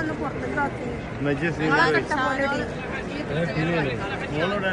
ഒന്ന് പുറത്തേക്ക് നോക്കി നജീസ് ഓളോടെ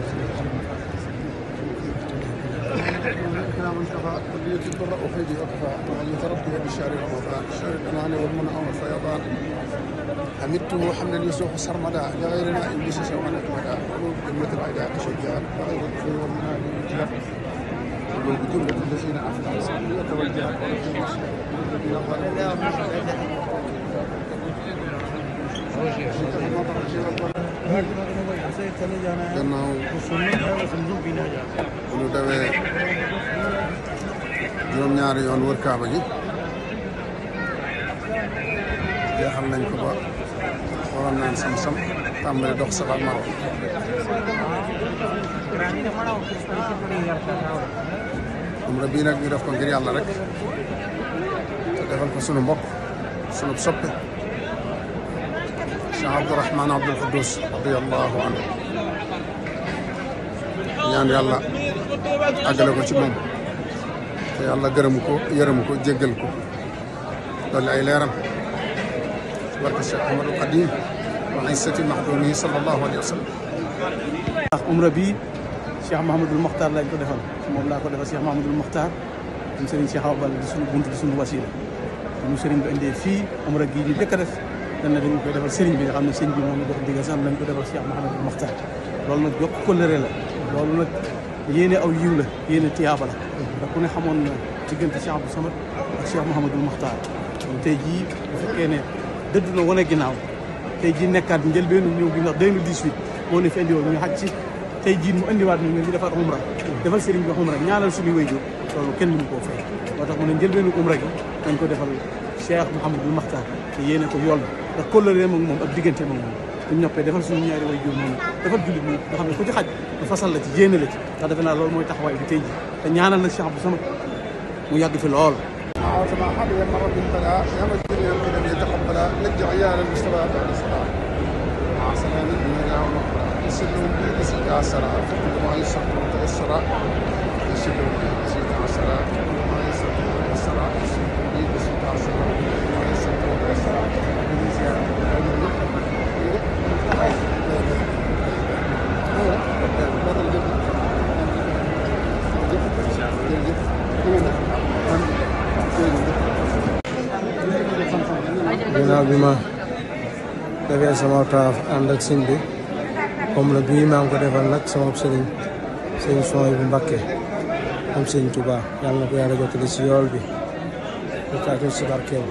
المنتهى كلية البر أفيدي أكفى وعلي تربي بشهر رمضان شهر الأنعام والمنع والفيضان حمدته حمدا يسوق سرمدا لغير نائم بسس وعن أكمدا قلوب جنة العداء شجار وغير الخير والمنام والجار قلوب جملة الذين أفلحوا سبيلة والجار والذين قالوا चले जाना है तो सुनना है वो समझो पीना जाता है उन Dave juróom ñaari yoon wër kaaba gi jeexal nañ ko ba waroon naan sam-sam tàmbali dox Safa ak Marwa umra bii nag ñu def ko ngir yàlla rek te defal ko sunu mbokk sunu soppe Cheikh Abdourahman Abdoul Khoudous radiyallahu anhu ñaan yàlla àggale ko ci moom te yàlla gërëm ko yërëm ko jéggal ko dolli ay leeram barke Cheikh Ahmadou Khadim wa ay sati maxduumi sallallahu alayhi wa sallam ndax umra bi Cheikh Mahamadul Mokhtar lañ ko defal moom laa ko defal Cheikh Mahamadul Mokhtar ñum sëriñ Cheikh Awa Balla di suñu bunt di suñu wasila ñu sëriñ bi indee fii umra gii ñu dëkk def dañ ne dañu koy defal sëriñ bi nga xam ne sëriñ bi moom la jox ndigal sax nañ ko defal Cheikh Mahamadul Mokhtar loolu nag yokk kóllëre la loolu nag yéene aw yiw la yéene tiyaaba la ndax ku ne xamoon na diggante Cheikh Abdou Samad ak Cheikh Mouhamadul Makhtar kon tey jii bu fekkee ne dëdd na ginnaaw tey jii nekkaat njëlbeenu ñëw gi ndax 2018 moo ne fi indi woon ñu xaj ci tey jii mu indiwaat ñu ne ñu defar umra defal sëriñ bi umra ñaanal suñu wayjur loolu kenn mënu koo fay moo tax mu ne njëlbeenu umra gi dañ ko defal Cheikh Mouhamadul Makhtar te yéene ko yool ndax kóllëre moom moom ak diggante moom moom bu ñu noppee defal suñu ñaari way jur noonu defal jullit moom nga xam ne ku ci xaj du fasal la ci yéene la ci ndax defe naa loolu mooy taxawaay bi tey ji te ñaanal na Cheikh Abdou Samad mu yàgg fi lool وسمع حبيا مرة بلا يوم الدنيا الكلام يتقبل نجع عيال المستوى بعد الصلاة عسلامة الدنيا والأخرى يسلون بي تسعة عشرة فقدوا عن الشهر تيسرة يسلون بي تسعة عشرة bi ma defee sama sëñ bi moom la bii maa ngi ko defal nag sama sëriñ sëñ sooy bu Mbàkke moom sëñ Tuubaa si yool bi di tàggat si barkeel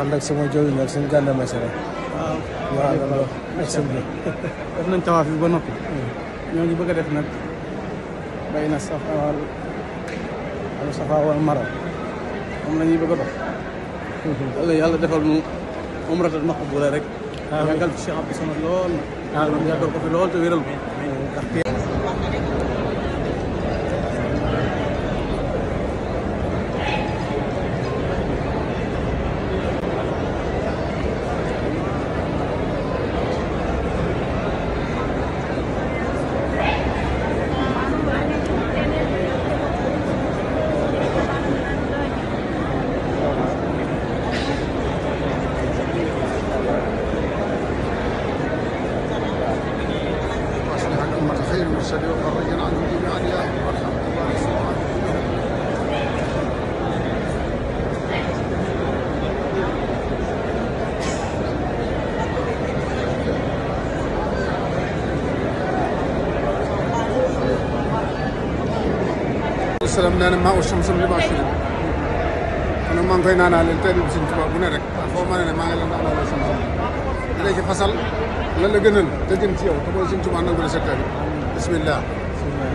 ànd ak sama jëriñ nag sëñ Gànda def nañ tawaaf bi ba noppi ñoo ngi bëgg a def nag bay na safaawal al safaawal mara moom la dox wala yàlla defal nu umratal maqbuula rek. waaw yàggal ci Cheikh Abdou Samad lool. waaw yàggal ko fi lool te wéral ko. مرشد وفرج عنه جميع الياء وارحم الله سبحانه salaam nee na maa usam sam li ma suñu kon maa ngi koy naanaa leen teel a suñ tubaab bu ne rek foo ma ne ne maa ngi leen naanaa leen sam sam di la ci fasal lan la gënal te gën ci yow te mooy suñ tubaab nangu la secteur bi bismillah